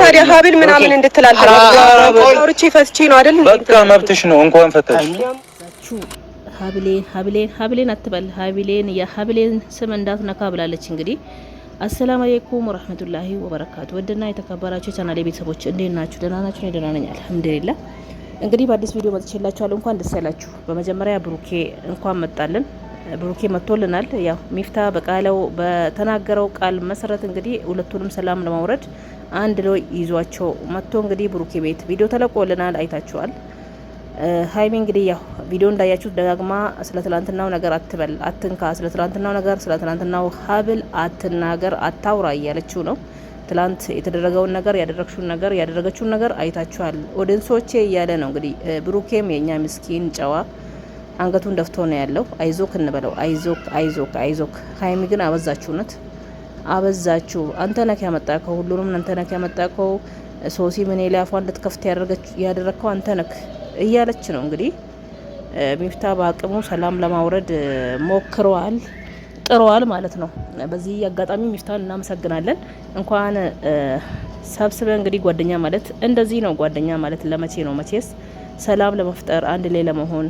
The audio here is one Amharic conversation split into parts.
ታዲያ ሀብል ምናምን እንድትላል ቆርጬ ፈትቼ ነው አይደል? በቃ መብትሽ ነው። እንኳን ፈታሽ። ሀብሌን ሀብሌን ሀብሌን አትበል። ሀብሌን የሀብሌን ስም እንዳትነካ ብላለች። እንግዲህ አሰላም አለይኩም ወራህመቱላሂ ወበረካቱ። ወደና የተከበራችሁ ቻናሌ ቤተሰቦች እንዴት ናችሁ? ደህና ናችሁ? እኔ ደህና ነኝ አልሐምዱሊላህ። እንግዲህ በአዲስ ቪዲዮ መጥቼላችኋለሁ። እንኳን ደስ ያላችሁ። በመጀመሪያ ብሩኬ እንኳን መጣልን ብሩኬ መጥቶልናል። ያው ሚፍታ በቃለው በተናገረው ቃል መሰረት እንግዲህ ሁለቱንም ሰላም ለማውረድ አንድ ላይ ይዟቸው መጥቶ እንግዲህ ብሩኬ ቤት ቪዲዮ ተለቆልናል፣ አይታችኋል። ሀይሚ እንግዲህ ያው ቪዲዮ እንዳያችሁት ደጋግማ ስለ ትላንትናው ነገር አትበል፣ አትንካ፣ ስለ ትላንትናው ነገር፣ ስለ ትላንትናው ሀብል አትናገር፣ አታውራ እያለችው ነው። ትላንት የተደረገውን ነገር ያደረግሽውን ነገር ያደረገችውን ነገር አይታችኋል ኦዲንሶቼ እያለ ነው እንግዲህ ብሩኬም የእኛ ምስኪን ጨዋ አንገቱን ደፍቶ ነው ያለው። አይዞክ እንበለው። አይዞክ አይዞክ አይዞክ። ሀይሚ ግን አበዛችሁነት አበዛችሁ። አንተ ነክ ያመጣከው ሁሉንም አንተ ነክ ያመጣከው ሶሲ ምን አፏን እንድትከፍት ያደረግከው አንተ ነክ እያለች ነው እንግዲህ ሚፍታ በአቅሙ ሰላም ለማውረድ ሞክረዋል ጥረዋል ማለት ነው። በዚህ አጋጣሚ ሚፍታን እናመሰግናለን። እንኳን ሰብስበ እንግዲህ ጓደኛ ማለት እንደዚህ ነው። ጓደኛ ማለት ለመቼ ነው? መቼስ ሰላም ለመፍጠር አንድ ላይ ለመሆን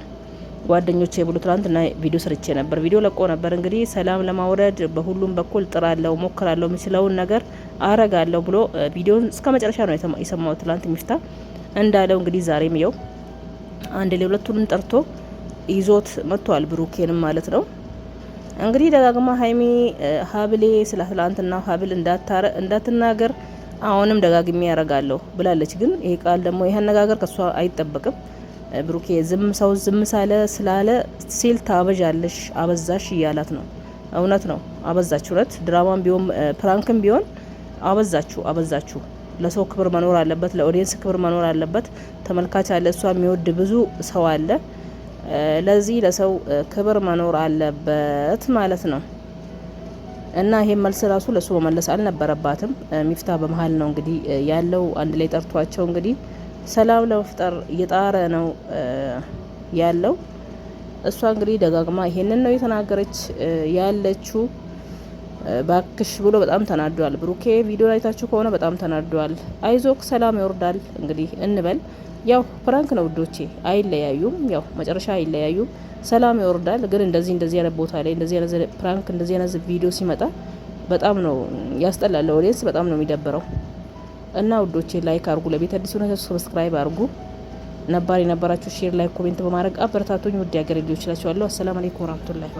ጓደኞቼ ብሎ ትናንትና ቪዲዮ ሰርቼ ነበር። ቪዲዮ ለቆ ነበር። እንግዲህ ሰላም ለማውረድ በሁሉም በኩል ጥራለው፣ ሞክራለው፣ የምችለውን ነገር አረጋለሁ ብሎ ቪዲዮን እስከ መጨረሻ ነው የሰማው ትናንት ሚፍታ እንዳለው። እንግዲህ ዛሬም የው አንድ ላይ ሁለቱንም ጠርቶ ይዞት መጥቷል፣ ብሩኬንም ማለት ነው። እንግዲህ ደጋግማ ሀይሚ ሀብሌ ስለ ትላንትና ሀብል እንዳትናገር አሁንም ደጋግሜ ያረጋለሁ ብላለች። ግን ይህ ቃል ደግሞ ይህ አነጋገር ከሷ አይጠበቅም። ብሩኬ ዝም ሰው ዝም ሳለ ስላለ ሲል ታበዣለሽ አበዛሽ እያላት ነው። እውነት ነው አበዛችሁ። እውነት ድራማም ቢሆን ፕራንክም ቢሆን አበዛችሁ አበዛችሁ። ለሰው ክብር መኖር አለበት፣ ለኦዲየንስ ክብር መኖር አለበት። ተመልካች አለ፣ እሷ የሚወድ ብዙ ሰው አለ። ለዚህ ለሰው ክብር መኖር አለበት ማለት ነው። እና ይሄን መልስ ራሱ ለሱ መመለስ አልነበረባትም። ሚፍታ በመሀል ነው እንግዲህ ያለው አንድ ላይ ጠርቷቸው እንግዲህ ሰላም ለመፍጠር እየጣረ ነው ያለው። እሷ እንግዲህ ደጋግማ ይሄንን ነው የተናገረች ያለችው። ባክሽ ብሎ በጣም ተናዷል ብሩኬ። ቪዲዮ አይታችሁ ከሆነ በጣም ተናዷል። አይዞክ ሰላም ይወርዳል። እንግዲህ እንበል ያው ፕራንክ ነው ውዶቼ፣ አይለያዩም። ያው መጨረሻ አይለያዩም፣ ሰላም ይወርዳል። ግን እንደዚህ እንደዚህ ያለ ቦታ ላይ እንደዚህ ያለ ፕራንክ እንደዚህ ያለ ቪዲዮ ሲመጣ በጣም ነው ያስጠላል። ኦዲየንስ በጣም ነው የሚደብረው። እና ውዶቼ ላይክ አርጉ። ለቤት አዲስ ሆናችሁ ሰብስክራይብ አርጉ። ነባር የነበራችሁ ሼር ላይክ፣ ኮሜንት በማድረግ አበረታቶኝ ውድ ያገሬ ልጆች እላችኋለሁ። አሰላም አለይኩም ወራህመቱላሂ